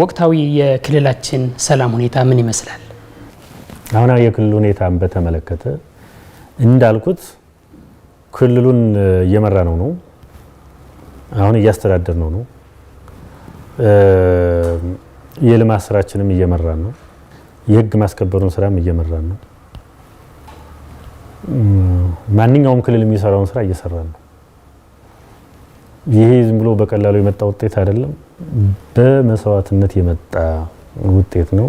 ወቅታዊ የክልላችን ሰላም ሁኔታ ምን ይመስላል? አሁን የክልል ሁኔታን በተመለከተ እንዳልኩት ክልሉን እየመራ ነው ነው አሁን እያስተዳደር ነው ነው የልማት ስራችንም እየመራን ነው። የህግ ማስከበሩን ስራም እየመራን ነው። ማንኛውም ክልል የሚሰራውን ስራ እየሰራን ነው። ይሄ ዝም ብሎ በቀላሉ የመጣ ውጤት አይደለም። በመስዋዕትነት የመጣ ውጤት ነው።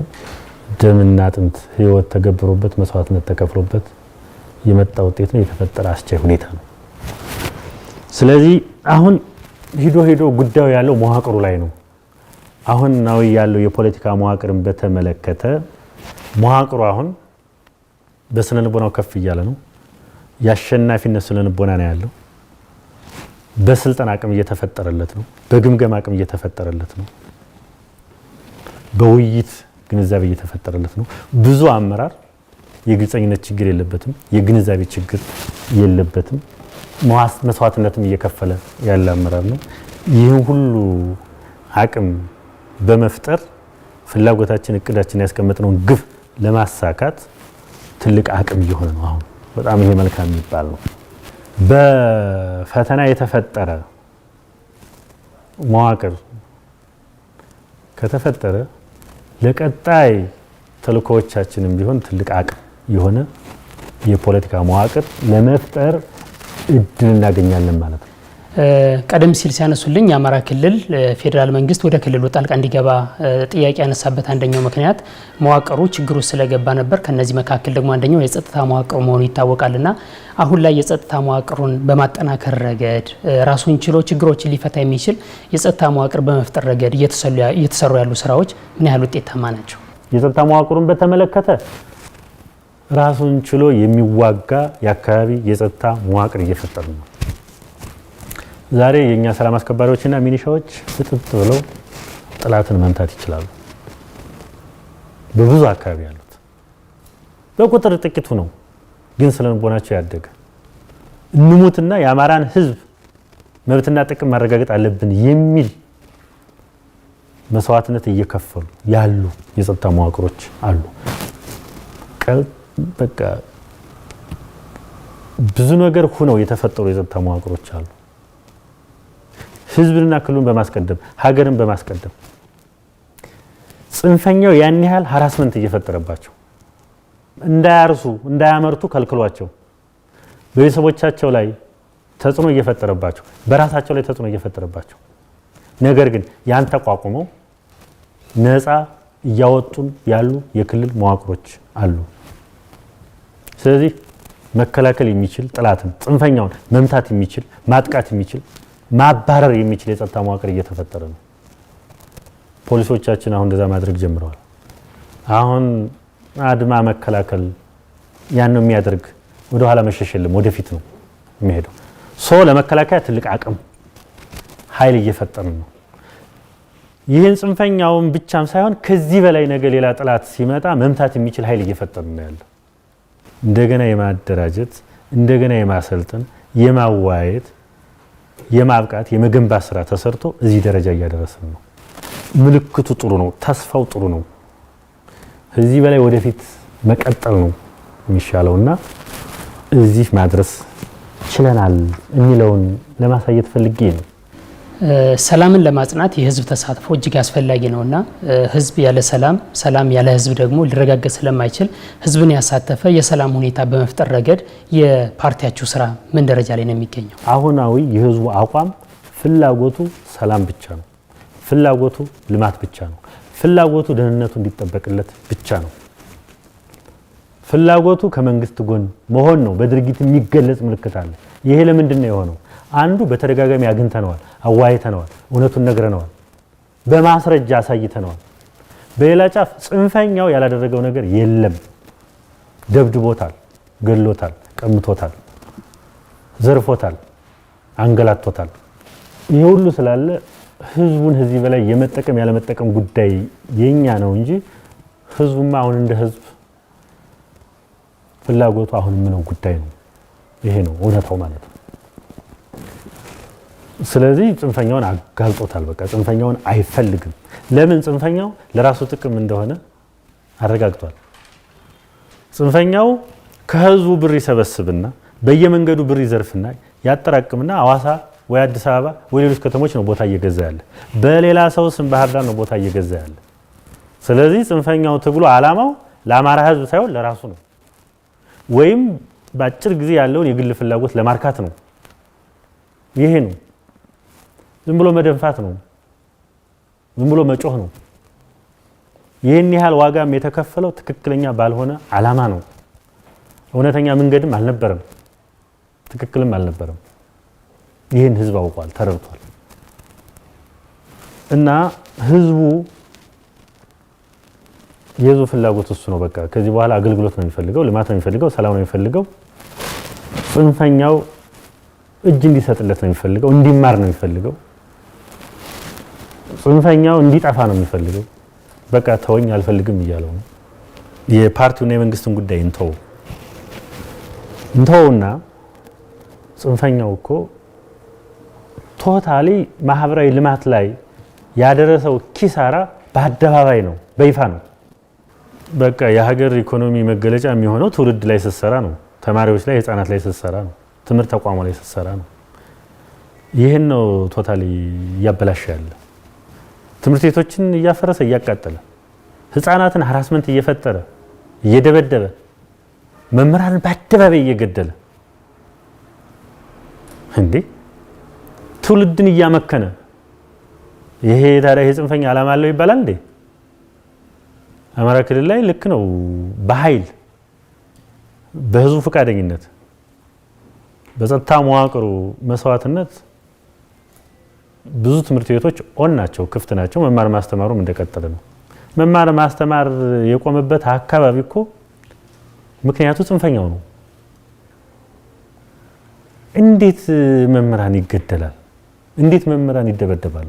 ደምና አጥንት ህይወት ተገብሮበት መስዋዕትነት ተከፍሎበት የመጣ ውጤት ነው። የተፈጠረ አስቻይ ሁኔታ ነው። ስለዚህ አሁን ሂዶ ሂዶ ጉዳዩ ያለው መዋቅሩ ላይ ነው። አሁን ናዊ ያለው የፖለቲካ መዋቅርን በተመለከተ መዋቅሩ አሁን በስነ ልቦናው ከፍ እያለ ነው። የአሸናፊነት ስነ ልቦና ነው ያለው። በስልጠና አቅም እየተፈጠረለት ነው። በግምገማ አቅም እየተፈጠረለት ነው። በውይይት ግንዛቤ እየተፈጠረለት ነው። ብዙ አመራር የግልጸኝነት ችግር የለበትም፣ የግንዛቤ ችግር የለበትም። መስዋዕትነትም እየከፈለ ያለ አመራር ነው። ይህን ሁሉ አቅም በመፍጠር ፍላጎታችን፣ እቅዳችን ያስቀመጥነውን ግብ ለማሳካት ትልቅ አቅም እየሆነ ነው። አሁን በጣም ይሄ መልካም የሚባል ነው። በፈተና የተፈጠረ መዋቅር ከተፈጠረ ለቀጣይ ተልእኮዎቻችንም ቢሆን ትልቅ አቅም የሆነ የፖለቲካ መዋቅር ለመፍጠር እድል እናገኛለን ማለት ነው። ቀደም ሲል ሲያነሱልኝ የአማራ ክልል ፌዴራል መንግስት ወደ ክልሉ ጣልቃ እንዲገባ ጥያቄ ያነሳበት አንደኛው ምክንያት መዋቅሩ ችግሩ ስለገባ ነበር። ከነዚህ መካከል ደግሞ አንደኛው የጸጥታ መዋቅሩ መሆኑ ይታወቃልና አሁን ላይ የጸጥታ መዋቅሩን በማጠናከር ረገድ ራሱን ችሎ ችግሮችን ሊፈታ የሚችል የጸጥታ መዋቅር በመፍጠር ረገድ እየተሰሩ ያሉ ስራዎች ምን ያህል ውጤታማ ናቸው? የጸጥታ መዋቅሩን በተመለከተ ራሱን ችሎ የሚዋጋ የአካባቢ የጸጥታ መዋቅር እየፈጠሩ ነው። ዛሬ የእኛ ሰላም አስከባሪዎችና ሚኒሻዎች ፍጥጥ ብለው ጥላትን መምታት ይችላሉ። በብዙ አካባቢ ያሉት በቁጥር ጥቂቱ ነው፣ ግን ስለንቦናቸው ያደገ እንሙትና የአማራን ህዝብ መብትና ጥቅም ማረጋገጥ አለብን የሚል መስዋዕትነት እየከፈሉ ያሉ የጸጥታ መዋቅሮች አሉ። በቃ ብዙ ነገር ሁነው የተፈጠሩ የጸጥታ መዋቅሮች አሉ። ህዝብንና ክልሉን በማስቀደም ሀገርን በማስቀደም ጽንፈኛው ያን ያህል ሀራስመንት እየፈጠረባቸው እንዳያርሱ እንዳያመርቱ ከልክሏቸው በቤተሰቦቻቸው ላይ ተጽዕኖ እየፈጠረባቸው በራሳቸው ላይ ተጽዕኖ እየፈጠረባቸው ነገር ግን ያን ተቋቁመው ነፃ እያወጡን ያሉ የክልል መዋቅሮች አሉ። ስለዚህ መከላከል የሚችል ጥላትን ጽንፈኛውን መምታት የሚችል ማጥቃት የሚችል ማባረር የሚችል የጸጥታ መዋቅር እየተፈጠረ ነው። ፖሊሶቻችን አሁን እንደዛ ማድረግ ጀምረዋል። አሁን አድማ መከላከል ያን ነው የሚያደርግ። ወደኋላ መሸሽ የለም፣ ወደፊት ነው የሚሄደው። ሶ ለመከላከያ ትልቅ አቅም ኃይል እየፈጠርን ነው። ይህን ጽንፈኛውን ብቻም ሳይሆን ከዚህ በላይ ነገ ሌላ ጥላት ሲመጣ መምታት የሚችል ኃይል እየፈጠርን ነው ያለ እንደገና የማደራጀት እንደገና የማሰልጠን የማዋየት የማብቃት የመገንባት ስራ ተሰርቶ እዚህ ደረጃ እያደረስን ነው። ምልክቱ ጥሩ ነው። ተስፋው ጥሩ ነው። እዚህ በላይ ወደፊት መቀጠል ነው የሚሻለው እና እዚህ ማድረስ ችለናል የሚለውን ለማሳየት ፈልጌ ነው። ሰላምን ለማጽናት የህዝብ ተሳትፎ እጅግ አስፈላጊ ነውና ህዝብ ያለ ሰላም፣ ሰላም ያለ ህዝብ ደግሞ ሊረጋገጥ ስለማይችል ህዝብን ያሳተፈ የሰላም ሁኔታ በመፍጠር ረገድ የፓርቲያችሁ ስራ ምን ደረጃ ላይ ነው የሚገኘው? አሁናዊ የህዝቡ አቋም ፍላጎቱ ሰላም ብቻ ነው። ፍላጎቱ ልማት ብቻ ነው። ፍላጎቱ ደህንነቱ እንዲጠበቅለት ብቻ ነው። ፍላጎቱ ከመንግስት ጎን መሆን ነው። በድርጊት የሚገለጽ ምልክት አለ። ይሄ ለምንድን ነው የሆነው? አንዱ በተደጋጋሚ አግኝተነዋል። አዋይተነዋል፣ እውነቱን ነግረነዋል፣ በማስረጃ አሳይተነዋል። በሌላ ጫፍ ጽንፈኛው ያላደረገው ነገር የለም። ደብድቦታል፣ ገሎታል፣ ቀምቶታል፣ ዘርፎታል፣ አንገላቶታል። ይህ ሁሉ ስላለ ህዝቡን እዚህ በላይ የመጠቀም ያለመጠቀም ጉዳይ የኛ ነው እንጂ ህዝቡማ አሁን እንደ ህዝብ ፍላጎቱ አሁን ምነው ጉዳይ ነው። ይሄ ነው እውነታው ማለት ነው። ስለዚህ ጽንፈኛውን አጋልጦታል። በቃ ጽንፈኛውን አይፈልግም። ለምን ጽንፈኛው ለራሱ ጥቅም እንደሆነ አረጋግጧል። ጽንፈኛው ከህዝቡ ብር ይሰበስብና በየመንገዱ ብር ይዘርፍና ያጠራቅምና አዋሳ ወይ አዲስ አበባ ወይ ሌሎች ከተሞች ነው ቦታ እየገዛ ያለ። በሌላ ሰው ስም ባህር ዳር ነው ቦታ እየገዛ ያለ። ስለዚህ ጽንፈኛው ትግሉ አላማው ለአማራ ህዝብ ሳይሆን ለራሱ ነው፣ ወይም በአጭር ጊዜ ያለውን የግል ፍላጎት ለማርካት ነው። ይሄ ነው ዝም ብሎ መደንፋት ነው። ዝም ብሎ መጮህ ነው። ይህን ያህል ዋጋም የተከፈለው ትክክለኛ ባልሆነ ዓላማ ነው። እውነተኛ መንገድም አልነበረም፣ ትክክልም አልነበረም። ይህን ህዝብ አውቋል፣ ተረድቷል። እና ህዝቡ የህዝቡ ፍላጎት እሱ ነው። በቃ ከዚህ በኋላ አገልግሎት ነው የሚፈልገው፣ ልማት ነው የሚፈልገው፣ ሰላም ነው የሚፈልገው። ጽንፈኛው እጅ እንዲሰጥለት ነው የሚፈልገው፣ እንዲማር ነው የሚፈልገው። ጽንፈኛው እንዲጠፋ ነው የሚፈልገው። በቃ ተወኝ አልፈልግም እያለው ነው። የፓርቲውና የመንግስትን ጉዳይ እንተው እንተውና ጽንፈኛው እኮ ቶታሊ ማህበራዊ ልማት ላይ ያደረሰው ኪሳራ በአደባባይ ነው፣ በይፋ ነው። በቃ የሀገር ኢኮኖሚ መገለጫ የሚሆነው ትውልድ ላይ ስትሰራ ነው። ተማሪዎች ላይ፣ ህፃናት ላይ ስትሰራ ነው። ትምህርት ተቋሙ ላይ ስትሰራ ነው። ይህን ነው ቶታሊ እያበላሸ ያለ ትምህርት ቤቶችን እያፈረሰ እያቃጠለ ህፃናትን ሀራስመንት እየፈጠረ እየደበደበ መምህራንን በአደባባይ እየገደለ እንዴ ትውልድን እያመከነ ይሄ ታዲያ ይሄ ጽንፈኛ ዓላማ አለው ይባላል እንዴ? አማራ ክልል ላይ ልክ ነው። በኃይል በህዝቡ ፈቃደኝነት በጸጥታ መዋቅሩ መስዋዕትነት ብዙ ትምህርት ቤቶች ኦን ናቸው፣ ክፍት ናቸው። መማር ማስተማሩም እንደቀጠለ ነው። መማር ማስተማር የቆመበት አካባቢ እኮ ምክንያቱ ጽንፈኛው ነው። እንዴት መምህራን ይገደላል? እንዴት መምህራን ይደበደባሉ?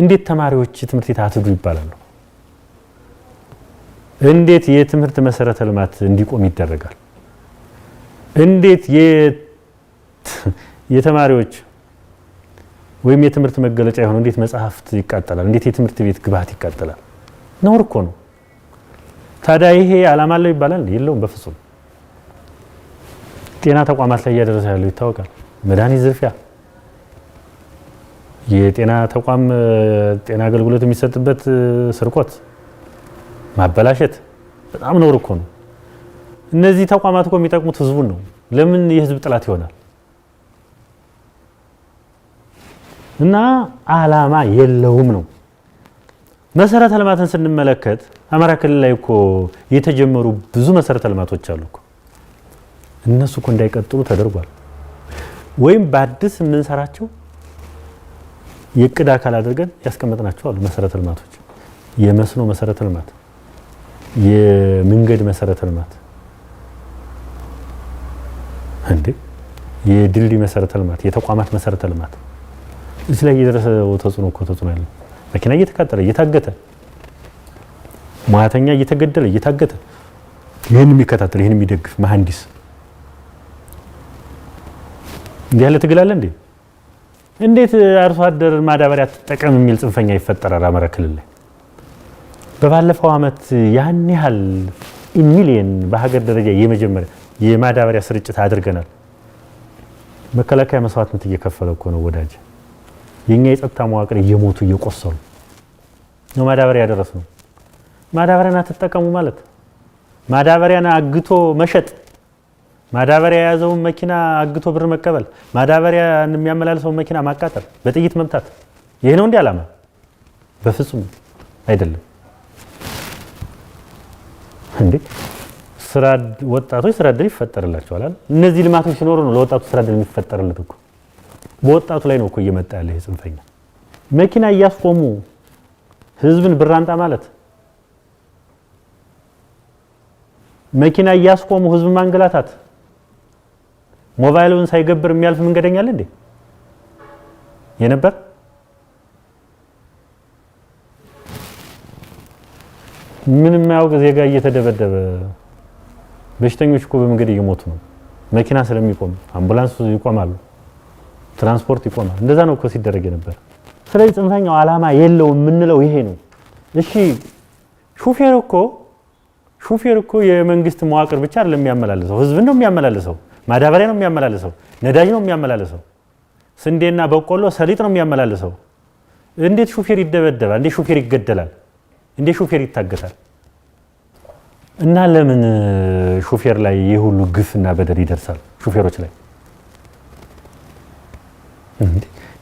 እንዴት ተማሪዎች ትምህርት ቤት አትዱ ይባላሉ? እንዴት የትምህርት መሰረተ ልማት እንዲቆም ይደረጋል? እንዴት የተማሪዎች ወይም የትምህርት መገለጫ የሆነው እንዴት መጽሐፍት ይቃጠላል? እንዴት የትምህርት ቤት ግብዓት ይቃጠላል? ነውር እኮ ነው። ታዲያ ይሄ ዓላማ አለው ይባላል? የለውም በፍጹም። ጤና ተቋማት ላይ እያደረሰ ያለው ይታወቃል። መድኃኒት ዝርፊያ፣ የጤና ተቋም ጤና አገልግሎት የሚሰጥበት ስርቆት፣ ማበላሸት በጣም ነውር እኮ ነው። እነዚህ ተቋማት እኮ የሚጠቅሙት ህዝቡን ነው። ለምን የህዝብ ጥላት ይሆናል? እና አላማ የለውም ነው። መሰረተ ልማትን ስንመለከት አማራ ክልል ላይ እኮ የተጀመሩ ብዙ መሰረተ ልማቶች አሉ እነሱ እኮ እንዳይቀጥሉ ተደርጓል። ወይም በአዲስ የምንሰራቸው የእቅድ አካል አድርገን ያስቀመጥናቸው አሉ መሰረተ ልማቶች፣ የመስኖ መሰረተ ልማት፣ የመንገድ መሰረተ ልማት እንዴ፣ የድልድይ መሰረተ ልማት፣ የተቋማት መሰረተ ልማት እዚህ ላይ እየደረሰ ተጽዕኖ እኮ ተጽዕኖ ያለው መኪና እየተቃጠለ እየታገተ ሙያተኛ እየተገደለ እየታገተ ይህን የሚከታተል ይህን የሚደግፍ መሀንዲስ እንዲህ ያለ ትግል አለ እንዴ? እንዴት አርሶ አደር ማዳበሪያ ትጠቀም የሚል ጽንፈኛ ይፈጠራል አማራ ክልል ላይ? በባለፈው ዓመት ያን ያህል ሚሊየን በሀገር ደረጃ የመጀመሪያ የማዳበሪያ ስርጭት አድርገናል። መከላከያ መስዋዕትነት እየከፈለ እኮ ነው ወዳጅ። የእኛ የጸጥታ መዋቅር እየሞቱ እየቆሰሉ ነው ማዳበሪያ ያደረስ ነው። ማዳበሪያን አትጠቀሙ ማለት ማዳበሪያን አግቶ መሸጥ፣ ማዳበሪያ የያዘውን መኪና አግቶ ብር መቀበል፣ ማዳበሪያ የሚያመላልሰውን መኪና ማቃጠል፣ በጥይት መምታት፣ ይህ ነው እንዲህ አላማ? በፍጹም አይደለም። እንዴ ወጣቶች ስራ እድል ይፈጠርላቸዋል። እነዚህ ልማቶች ሲኖሩ ነው ለወጣቱ ስራ እድል የሚፈጠርለት እኮ በወጣቱ ላይ ነው እኮ እየመጣ ያለ ይሄ ጽንፈኛ። መኪና እያስቆሙ ህዝብን ብራንጣ ማለት መኪና እያስቆሙ ህዝብ ማንገላታት፣ ሞባይሉን ሳይገብር የሚያልፍ መንገደኛ አለ እንዴ? የነበር ምን የማያውቅ ዜጋ እየተደበደበ በሽተኞች እኮ በመንገድ እየሞቱ ነው። መኪና ስለሚቆም አምቡላንስ ይቆማሉ። ትራንስፖርት ይቆማል። እንደዛ ነው እኮ ሲደረግ የነበረ። ስለዚህ ጽንፈኛው ዓላማ የለውም የምንለው ይሄ ነው። እሺ ሹፌር እኮ ሹፌር እኮ የመንግስት መዋቅር ብቻ አይደለም የሚያመላልሰው፣ ህዝብን ነው የሚያመላልሰው፣ ማዳበሪያ ነው የሚያመላልሰው፣ ነዳጅ ነው የሚያመላልሰው፣ ስንዴና በቆሎ ሰሊጥ ነው የሚያመላልሰው። እንዴት ሹፌር ይደበደባል? እንዴት ሹፌር ይገደላል? እንዴት ሹፌር ይታገታል? እና ለምን ሹፌር ላይ የሁሉ ግፍና በደል ይደርሳል? ሹፌሮች ላይ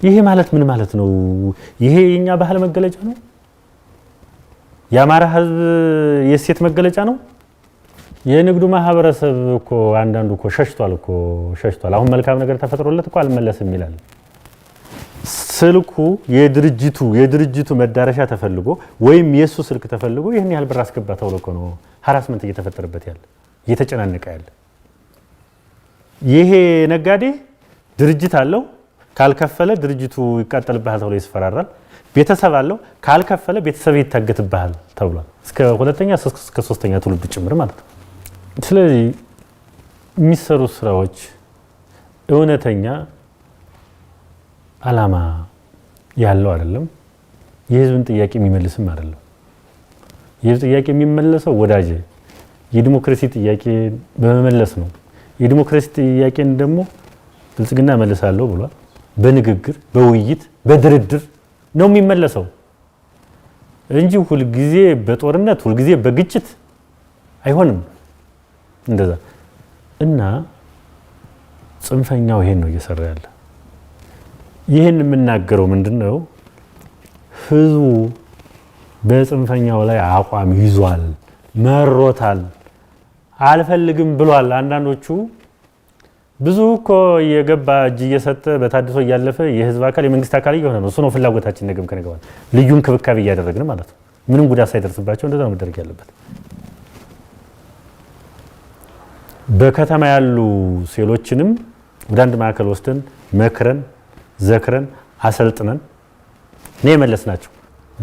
ይሄ ማለት ምን ማለት ነው? ይሄ የኛ ባህል መገለጫ ነው። የአማራ ህዝብ የሴት መገለጫ ነው። የንግዱ ማህበረሰብ እኮ አንዳንዱ እኮ ሸሽቷል እኮ ሸሽቷል። አሁን መልካም ነገር ተፈጥሮለት እኮ አልመለስም ይላል። ስልኩ የድርጅቱ የድርጅቱ መዳረሻ ተፈልጎ ወይም የእሱ ስልክ ተፈልጎ ይህን ያህል ብር አስገባ ተብሎ እኮ ነው ሀራስመንት እየተፈጠረበት ያለ እየተጨናነቀ ያለ። ይሄ ነጋዴ ድርጅት አለው ካልከፈለ ድርጅቱ ይቃጠልብሃል ተብሎ ይስፈራራል። ቤተሰብ አለው። ካልከፈለ ቤተሰብ ይታገትብሃል ተብሏል። እስከ ሁለተኛ እስከ ሶስተኛ ትውልዱ ጭምር ማለት ነው። ስለዚህ የሚሰሩ ስራዎች እውነተኛ አላማ ያለው አይደለም። የህዝብን ጥያቄ የሚመልስም አይደለም። የህዝብ ጥያቄ የሚመለሰው ወዳጅ የዲሞክራሲ ጥያቄ በመመለስ ነው። የዲሞክራሲ ጥያቄን ደግሞ ብልጽግና መልሳለሁ ብሏል። በንግግር በውይይት በድርድር ነው የሚመለሰው እንጂ ሁልጊዜ በጦርነት ሁልጊዜ በግጭት አይሆንም። እንደዛ እና ጽንፈኛው ይሄን ነው እየሰራ ያለ። ይህን የምናገረው ምንድን ነው? ህዝቡ በጽንፈኛው ላይ አቋም ይዟል፣ መሮታል፣ አልፈልግም ብሏል። አንዳንዶቹ ብዙ እኮ የገባ እጅ እየሰጠ በታድሶ እያለፈ የህዝብ አካል የመንግስት አካል እየሆነ ነው። እሱ ነው ፍላጎታችን። ነገም ከነገባል ልዩ እንክብካቤ እያደረግን ማለት ነው። ምንም ጉዳት ሳይደርስባቸው እንደዛ ነው መደረግ ያለበት። በከተማ ያሉ ሴሎችንም ወደ አንድ ማዕከል ወስደን መክረን ዘክረን አሰልጥነን እኔ የመለስ ናቸው።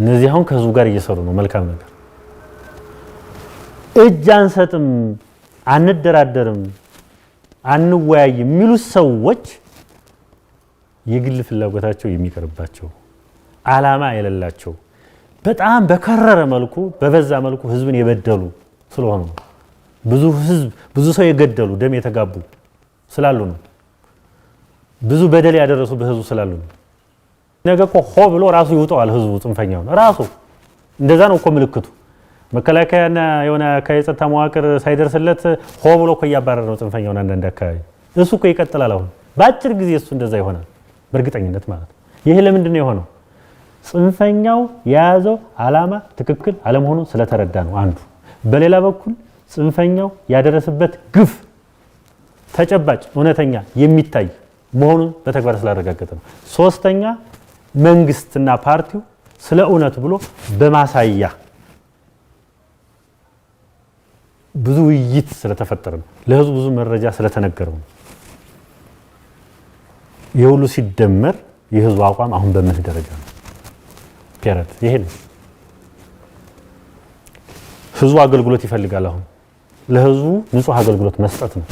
እነዚህ አሁን ከህዝቡ ጋር እየሰሩ ነው። መልካም ነገር እጅ አንሰጥም፣ አንደራደርም አንወያይ የሚሉት ሰዎች የግል ፍላጎታቸው የሚቀርባቸው አላማ የሌላቸው በጣም በከረረ መልኩ በበዛ መልኩ ህዝብን የበደሉ ስለሆኑ ነው። ብዙ ህዝብ ብዙ ሰው የገደሉ ደም የተጋቡ ስላሉ ነው። ብዙ በደል ያደረሱ በህዝቡ ስላሉ ነው። ነገ እኮ ሆ ብሎ ራሱ ይውጠዋል ህዝቡ ጽንፈኛው ራሱ። እንደዛ ነው እኮ ምልክቱ። መከላከያና የሆነ የጸጥታ መዋቅር ሳይደርስለት ሆ ብሎ እኮ እያባረረ ነው ጽንፈኛውን አንዳንድ አካባቢ። እሱ እኮ ይቀጥላል። አሁን በአጭር ጊዜ እሱ እንደዛ ይሆናል በእርግጠኝነት ማለት ነው። ይህ ለምንድን ነው የሆነው? ጽንፈኛው የያዘው አላማ ትክክል አለመሆኑ ስለተረዳ ነው አንዱ። በሌላ በኩል ጽንፈኛው ያደረሰበት ግፍ ተጨባጭ፣ እውነተኛ፣ የሚታይ መሆኑን በተግባር ስላረጋገጠ ነው። ሶስተኛ መንግስትና ፓርቲው ስለ እውነቱ ብሎ በማሳያ ብዙ ውይይት ስለተፈጠረ ነው። ለህዝቡ ብዙ መረጃ ስለተነገረው ነው። የሁሉ ሲደመር የህዝቡ አቋም አሁን በምን ደረጃ ነው? ፔረት ይሄ ነው። ህዝቡ አገልግሎት ይፈልጋል። አሁን ለህዝቡ ንጹህ አገልግሎት መስጠት ነው።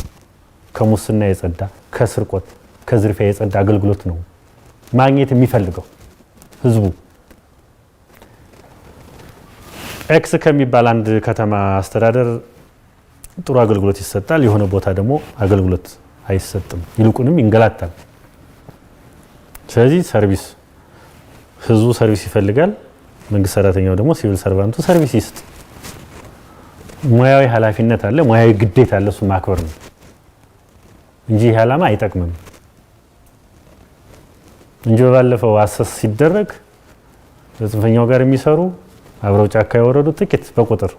ከሙስና የጸዳ ከስርቆት ከዝርፊያ የጸዳ አገልግሎት ነው ማግኘት የሚፈልገው ህዝቡ። ኤክስ ከሚባል አንድ ከተማ አስተዳደር ጥሩ አገልግሎት ይሰጣል፣ የሆነ ቦታ ደግሞ አገልግሎት አይሰጥም፣ ይልቁንም ይንገላታል። ስለዚህ ሰርቪስ ህዝቡ ሰርቪስ ይፈልጋል። መንግስት ሰራተኛው ደግሞ ሲቪል ሰርቫንቱ ሰርቪስ ይስጥ። ሙያዊ ኃላፊነት አለ፣ ሙያዊ ግዴታ አለ። እሱ ማክበር ነው እንጂ ይህ ዓላማ አይጠቅምም እንጂ በባለፈው አሰስ ሲደረግ ጽንፈኛው ጋር የሚሰሩ አብረው ጫካ የወረዱ ጥቂት በቁጥር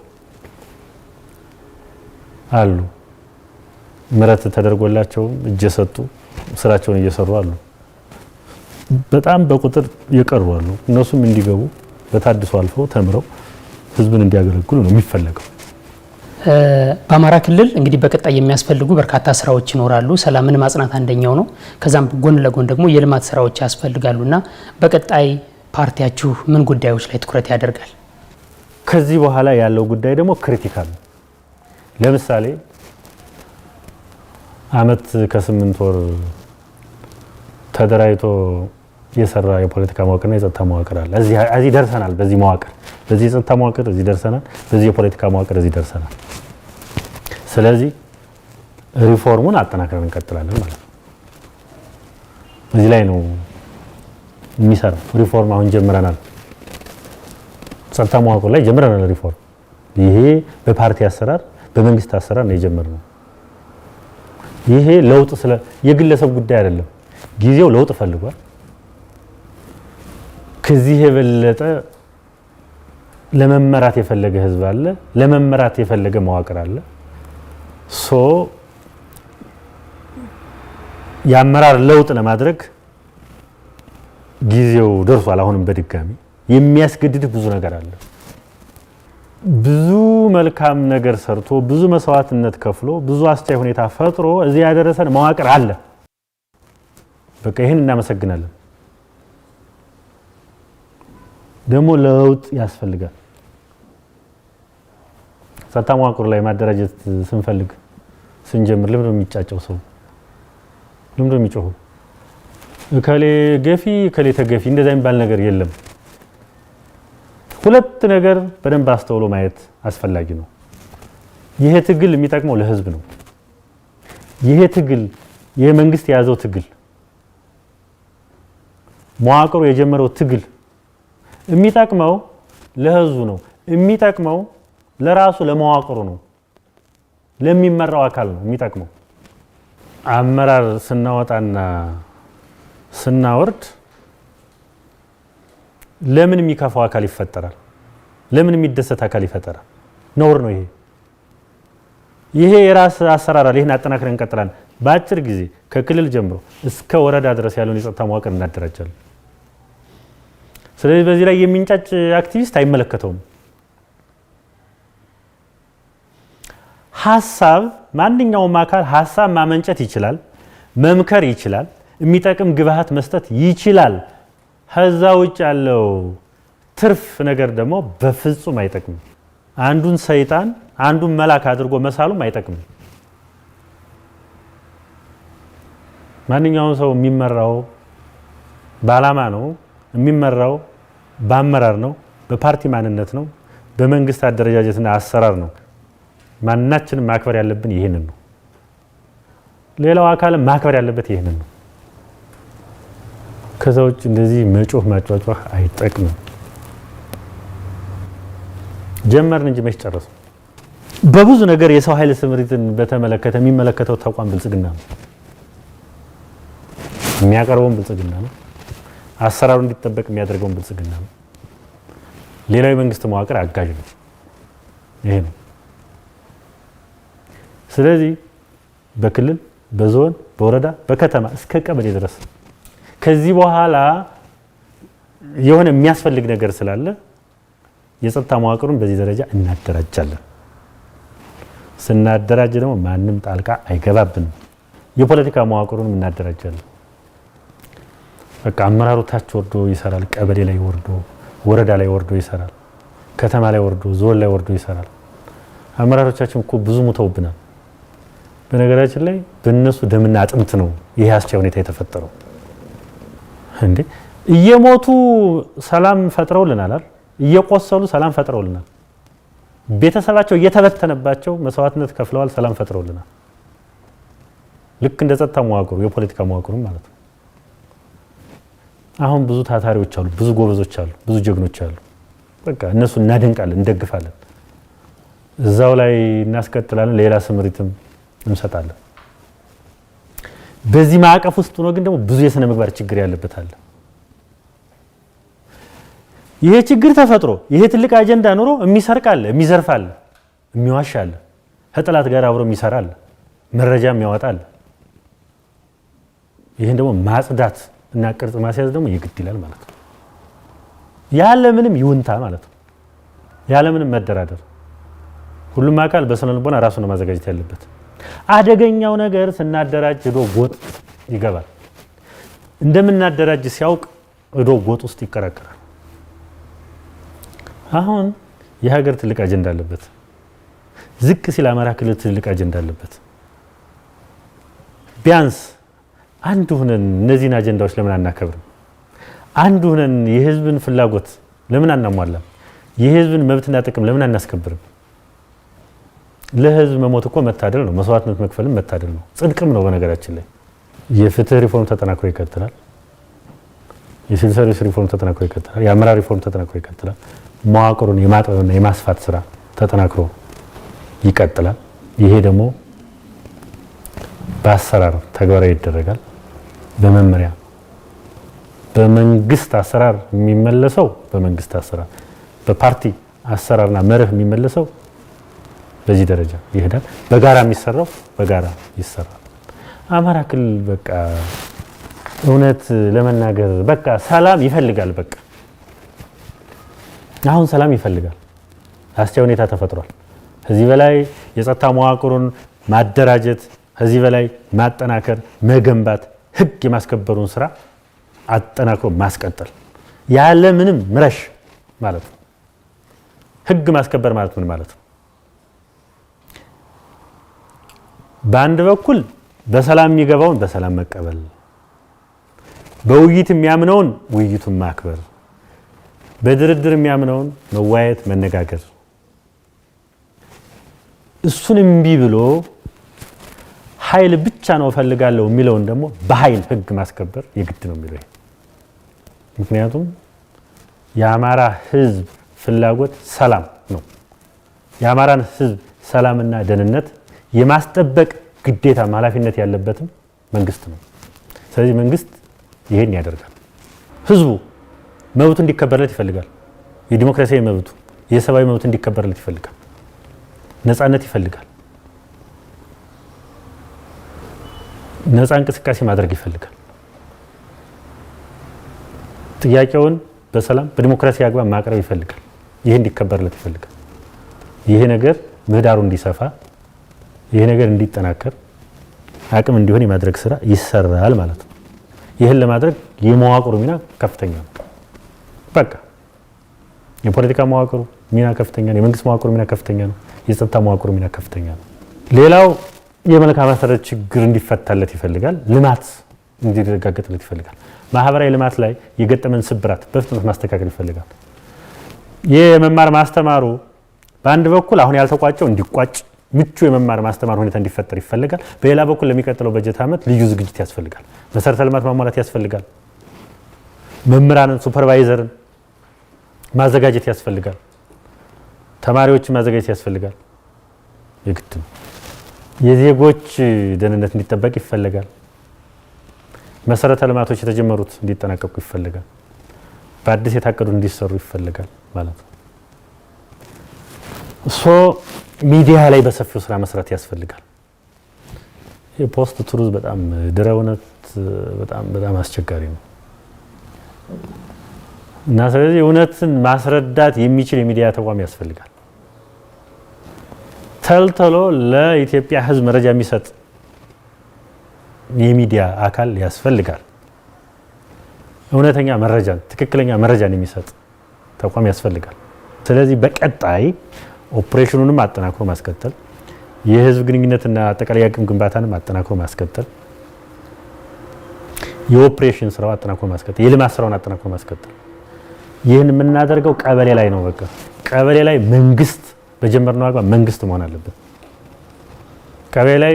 አሉ። ምረት ተደርጎላቸውም እጅ ስራቸውን እየሰሩ አሉ። በጣም በቁጥር የቀሩ አሉ። እነሱም እንዲገቡ በታድሶ አልፈው ተምረው ህዝብን እንዲያገለግሉ ነው የሚፈለገው። በአማራ ክልል እንግዲህ በቀጣይ የሚያስፈልጉ በርካታ ስራዎች ይኖራሉ። ሰላምን ማጽናት አንደኛው ነው። ከዛም ጎን ለጎን ደግሞ የልማት ስራዎች ያስፈልጋሉና በቀጣይ ፓርቲያችሁ ምን ጉዳዮች ላይ ትኩረት ያደርጋል? ከዚህ በኋላ ያለው ጉዳይ ደግሞ ክሪቲካል ነው። ለምሳሌ አመት ከስምንት ወር ተደራጅቶ የሰራ የፖለቲካ መዋቅርና የጸጥታ መዋቅር አለ። እዚህ ደርሰናል። በዚህ መዋቅር በዚህ የጸጥታ መዋቅር እዚህ ደርሰናል። በዚህ የፖለቲካ መዋቅር እዚህ ደርሰናል። ስለዚህ ሪፎርሙን አጠናክረን እንቀጥላለን ማለት ነው። እዚህ ላይ ነው የሚሰራው። ሪፎርም አሁን ጀምረናል። ጸጥታ መዋቅር ላይ ጀምረናል ሪፎርም። ይሄ በፓርቲ አሰራር በመንግስት አሰራር ነው የጀመርነው። ይሄ ለውጥ ስለ የግለሰብ ጉዳይ አይደለም። ጊዜው ለውጥ ፈልጓል። ከዚህ የበለጠ ለመመራት የፈለገ ህዝብ አለ። ለመመራት የፈለገ መዋቅር አለ። ሶ የአመራር ለውጥ ለማድረግ ጊዜው ደርሷል። አሁንም በድጋሚ የሚያስገድድ ብዙ ነገር አለ። ብዙ መልካም ነገር ሰርቶ ብዙ መስዋዕትነት ከፍሎ ብዙ አስቻይ ሁኔታ ፈጥሮ እዚህ ያደረሰን መዋቅር አለ። በቃ ይህን እናመሰግናለን። ደግሞ ለውጥ ያስፈልጋል። ጸጥታ መዋቅሩ ላይ ማደራጀት ስንፈልግ ስንጀምር ልምዶ የሚጫጨው ሰው ልምዶ የሚጮሁ እከሌ ገፊ እከሌ ተገፊ እንደዛ የሚባል ነገር የለም። ሁለት ነገር በደንብ አስተውሎ ማየት አስፈላጊ ነው። ይሄ ትግል የሚጠቅመው ለህዝብ ነው። ይሄ ትግል ይሄ መንግስት የያዘው ትግል መዋቅሩ የጀመረው ትግል የሚጠቅመው ለህዝቡ ነው። የሚጠቅመው ለራሱ ለመዋቅሩ ነው፣ ለሚመራው አካል ነው የሚጠቅመው። አመራር ስናወጣና ስናወርድ ለምን የሚከፋው አካል ይፈጠራል? ለምን የሚደሰት አካል ይፈጠራል? ነውር ነው ይሄ። ይሄ የራስ አሰራራል። ይህን አጠናክረን እንቀጥላለን። በአጭር ጊዜ ከክልል ጀምሮ እስከ ወረዳ ድረስ ያለውን የጸጥታ መዋቅር እናደራጃለን። ስለዚህ በዚህ ላይ የሚንጫጭ አክቲቪስት አይመለከተውም። ሀሳብ ማንኛውም አካል ሀሳብ ማመንጨት ይችላል፣ መምከር ይችላል፣ የሚጠቅም ግብአት መስጠት ይችላል። ከዛ ውጭ ያለው ትርፍ ነገር ደግሞ በፍጹም አይጠቅምም። አንዱን ሰይጣን አንዱን መልአክ አድርጎ መሳሉም አይጠቅምም። ማንኛውም ሰው የሚመራው በዓላማ ነው። የሚመራው በአመራር ነው፣ በፓርቲ ማንነት ነው፣ በመንግስት አደረጃጀትና አሰራር ነው። ማናችንም ማክበር ያለብን ይህንን ነው። ሌላው አካልም ማክበር ያለበት ይህንን ነው። ከዛ ውጭ እንደዚህ መጮህ ማጫጫህ አይጠቅምም። ጀመርን እንጂ መች ጨረሱ። በብዙ ነገር የሰው ኃይል ስምሪትን በተመለከተ የሚመለከተው ተቋም ብልጽግና ነው፣ የሚያቀርበውን ብልጽግና ነው፣ አሰራሩ እንዲጠበቅ የሚያደርገውን ብልጽግና ነው። ሌላው የመንግስት መዋቅር አጋዥ ነው። ይሄ ነው። ስለዚህ በክልል በዞን በወረዳ በከተማ እስከ ቀበሌ ድረስ ከዚህ በኋላ የሆነ የሚያስፈልግ ነገር ስላለ የጸጥታ መዋቅሩን በዚህ ደረጃ እናደራጃለን። ስናደራጅ ደግሞ ማንም ጣልቃ አይገባብንም። የፖለቲካ መዋቅሩንም እናደራጃለን። በቃ አመራሩ ታች ወርዶ ይሰራል። ቀበሌ ላይ ወርዶ፣ ወረዳ ላይ ወርዶ ይሰራል። ከተማ ላይ ወርዶ፣ ዞን ላይ ወርዶ ይሰራል። አመራሮቻችን እኮ ብዙ ሙተውብናል። በነገራችን ላይ በእነሱ ደምና አጥንት ነው ይሄ አስቻይ ሁኔታ የተፈጠረው። እንዴ እየሞቱ ሰላም ፈጥረውልናል። እየቆሰሉ ሰላም ፈጥረውልናል። ቤተሰባቸው እየተበተነባቸው መስዋዕትነት ከፍለዋል። ሰላም ፈጥረውልናል። ልክ እንደ ጸጥታ መዋቅሩ የፖለቲካ መዋቅሩ ማለት ነው። አሁን ብዙ ታታሪዎች አሉ፣ ብዙ ጎበዞች አሉ፣ ብዙ ጀግኖች አሉ። በቃ እነሱ እናደንቃለን፣ እንደግፋለን። እዛው ላይ እናስቀጥላለን። ሌላ ስምሪትም እንሰጣለን። በዚህ ማዕቀፍ ውስጥ ሆኖ ግን ደግሞ ብዙ የስነ ምግባር ችግር ያለበታል። ይሄ ችግር ተፈጥሮ ይሄ ትልቅ አጀንዳ ኑሮ የሚሰርቅ አለ፣ የሚዘርፍ አለ፣ የሚዋሽ አለ፣ ከጠላት ጋር አብሮ የሚሰራ አለ፣ መረጃ የሚያወጣ አለ። ይህን ደግሞ ማጽዳት እና ቅርጽ ማስያዝ ደግሞ የግድ ይላል ማለት ነው። ያለምንም ይውንታ ማለት ነው። ያለምንም መደራደር ሁሉም አካል በስነ ልቦና ራሱን ማዘጋጀት ያለበት አደገኛው ነገር ስናደራጅ ዶ ጎጥ ይገባል። እንደምናደራጅ ሲያውቅ ዶ ጎጥ ውስጥ ይቀራቀራል። አሁን የሀገር ትልቅ አጀንዳ አለበት። ዝቅ ሲል አማራ ክልል ትልቅ አጀንዳ አለበት። ቢያንስ አንድ ሁነን እነዚህን አጀንዳዎች ለምን አናከብርም? አንድ ሁነን የህዝብን ፍላጎት ለምን አናሟላም? የህዝብን መብትና ጥቅም ለምን አናስከብርም? ለህዝብ መሞት እኮ መታደል ነው። መስዋዕትነት መክፈልም መታደል ነው፣ ጽድቅም ነው። በነገራችን ላይ የፍትህ ሪፎርም ተጠናክሮ ይቀጥላል። የሲቪል ሰርቪስ ሪፎርም ተጠናክሮ ይቀጥላል። የአመራር ሪፎርም ተጠናክሮ ይቀጥላል። መዋቅሩን የማጥበብና የማስፋት ስራ ተጠናክሮ ይቀጥላል። ይሄ ደግሞ በአሰራር ተግባራዊ ይደረጋል። በመመሪያ በመንግስት አሰራር የሚመለሰው በመንግስት አሰራር፣ በፓርቲ አሰራርና መርህ የሚመለሰው በዚህ ደረጃ ይሄዳል። በጋራ የሚሰራው በጋራ ይሰራል። አማራ ክልል በቃ እውነት ለመናገር በቃ ሰላም ይፈልጋል። በቃ አሁን ሰላም ይፈልጋል። አስቻይ ሁኔታ ተፈጥሯል። ከዚህ በላይ የጸጥታ መዋቅሩን ማደራጀት፣ ከዚህ በላይ ማጠናከር፣ መገንባት፣ ህግ የማስከበሩን ስራ አጠናክሮ ማስቀጠል ያለ ምንም ምረሽ ማለት ነው። ህግ ማስከበር ማለት ምን ማለት ነው? በአንድ በኩል በሰላም የሚገባውን በሰላም መቀበል፣ በውይይት የሚያምነውን ውይይቱን ማክበር፣ በድርድር የሚያምነውን መዋየት፣ መነጋገር እሱን እምቢ ብሎ ኃይል ብቻ ነው እፈልጋለሁ የሚለውን ደግሞ በኃይል ህግ ማስከበር የግድ ነው የሚለው ምክንያቱም የአማራ ህዝብ ፍላጎት ሰላም ነው። የአማራን ህዝብ ሰላምና ደህንነት የማስጠበቅ ግዴታ ኃላፊነት ያለበትም መንግስት ነው። ስለዚህ መንግስት ይሄን ያደርጋል። ህዝቡ መብቱ እንዲከበርለት ይፈልጋል። የዲሞክራሲያዊ መብቱ፣ የሰብአዊ መብቱ እንዲከበርለት ይፈልጋል። ነፃነት ይፈልጋል። ነፃ እንቅስቃሴ ማድረግ ይፈልጋል። ጥያቄውን በሰላም በዲሞክራሲ አግባብ ማቅረብ ይፈልጋል። ይህ እንዲከበርለት ይፈልጋል። ይሄ ነገር ምህዳሩ እንዲሰፋ ይህ ነገር እንዲጠናከር አቅም እንዲሆን የማድረግ ስራ ይሰራል ማለት ነው። ይህን ለማድረግ የመዋቅሩ ሚና ከፍተኛ ነው። በቃ የፖለቲካ መዋቅሩ ሚና ከፍተኛ ነው። የመንግስት መዋቅሩ ሚና ከፍተኛ ነው። የጸጥታ መዋቅሩ ሚና ከፍተኛ ነው። ሌላው የመልክዓ መሰረት ችግር እንዲፈታለት ይፈልጋል። ልማት እንዲረጋገጥለት ይፈልጋል። ማህበራዊ ልማት ላይ የገጠመን ስብራት በፍጥነት ማስተካከል ይፈልጋል። ይህ የመማር ማስተማሩ በአንድ በኩል አሁን ያልተቋጨው እንዲቋጭ ምቹ የመማር ማስተማር ሁኔታ እንዲፈጠር ይፈልጋል። በሌላ በኩል ለሚቀጥለው በጀት ዓመት ልዩ ዝግጅት ያስፈልጋል። መሰረተ ልማት ማሟላት ያስፈልጋል። መምህራንን፣ ሱፐርቫይዘርን ማዘጋጀት ያስፈልጋል። ተማሪዎችን ማዘጋጀት ያስፈልጋል። የግድ ነው። የዜጎች ደህንነት እንዲጠበቅ ይፈለጋል። መሰረተ ልማቶች የተጀመሩት እንዲጠናቀቁ ይፈልጋል። በአዲስ የታቀዱ እንዲሰሩ ይፈልጋል ማለት ነው። ሶ ሚዲያ ላይ በሰፊው ስራ መስራት ያስፈልጋል። የፖስት ትሩዝ በጣም ድረ እውነት በጣም በጣም አስቸጋሪ ነው እና ስለዚህ እውነትን ማስረዳት የሚችል የሚዲያ ተቋም ያስፈልጋል። ተልተሎ ለኢትዮጵያ ሕዝብ መረጃ የሚሰጥ የሚዲያ አካል ያስፈልጋል። እውነተኛ መረጃን፣ ትክክለኛ መረጃን የሚሰጥ ተቋም ያስፈልጋል። ስለዚህ በቀጣይ ኦፕሬሽኑንም አጠናክሮ ማስቀጠል፣ የህዝብ ግንኙነትና አጠቃላይ አቅም ግንባታንም አጠናክሮ ማስቀጠል፣ የኦፕሬሽን ስራው አጠናክሮ ማስቀጠል፣ የልማት ስራውን አጠናክሮ ማስቀጠል። ይህን የምናደርገው ቀበሌ ላይ ነው። በቃ ቀበሌ ላይ መንግስት በጀመርነው አግባብ መንግስት መሆን አለበት። ቀበሌ ላይ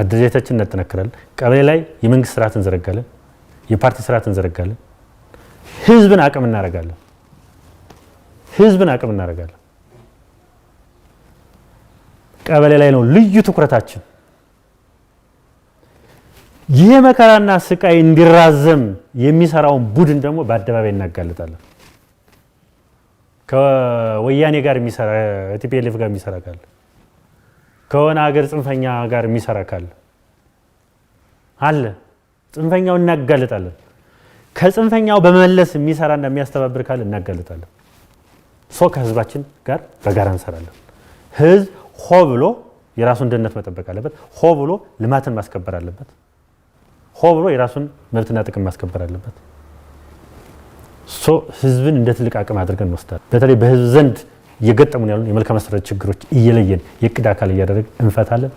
አደረጃጀታችን እናጠናክራለን። ቀበሌ ላይ የመንግስት ስርዓት እንዘረጋለን፣ የፓርቲ ስርዓት እንዘረጋለን። ህዝብን አቅም እናደርጋለን። ህዝብን አቅም እናደርጋለን። ቀበሌ ላይ ነው ልዩ ትኩረታችን። ይህ መከራና ስቃይ እንዲራዘም የሚሰራውን ቡድን ደግሞ በአደባባይ እናጋልጣለን። ከወያኔ ጋር የሚሰራ ቲፒኤልኤፍ ጋር የሚሰራ ካለ ከሆነ ሀገር ጽንፈኛ ጋር የሚሰራ ካለ አለ ጽንፈኛው እናጋልጣለን። ከጽንፈኛው በመለስ የሚሰራና የሚያስተባብር ካለ እናጋልጣለን። ሶ ከህዝባችን ጋር በጋራ እንሰራለን። ህዝብ ሆ ብሎ የራሱን ደህንነት መጠበቅ አለበት። ሆ ብሎ ልማትን ማስከበር አለበት። ሆ ብሎ የራሱን መብትና ጥቅም ማስከበር አለበት። ህዝብን እንደ ትልቅ አቅም አድርገን እንወስዳለን። በተለይ በህዝብ ዘንድ እየገጠሙን ያሉን የመልካም መሰረት ችግሮች እየለየን የእቅድ አካል እያደረግን እንፈታለን።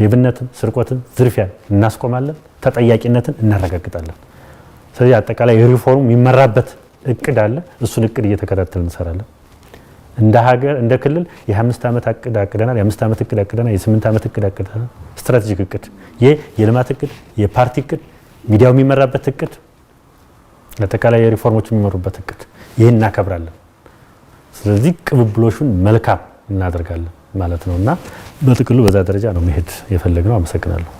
ሌብነትን፣ ስርቆትን፣ ዝርፊያን እናስቆማለን። ተጠያቂነትን እናረጋግጣለን። ስለዚህ አጠቃላይ ሪፎርም የሚመራበት እቅድ አለ። እሱን እቅድ እየተከታተል እንሰራለን። እንደ ሀገር እንደ ክልል የ 5 ዓመት እቅድ አቅደናል። የ5 ዓመት እቅድ አቅደናል። የ8 ዓመት እቅድ አቅደናል። ስትራቴጂክ እቅድ፣ ይህ የልማት እቅድ፣ የፓርቲ እቅድ፣ ሚዲያው የሚመራበት እቅድ፣ አጠቃላይ የሪፎርሞች የሚመሩበት እቅድ፣ ይህን እናከብራለን። ስለዚህ ቅብብሎሹን መልካም እናደርጋለን ማለት ነው እና በጥቅሉ በዛ ደረጃ ነው መሄድ የፈለግነው። አመሰግናለሁ።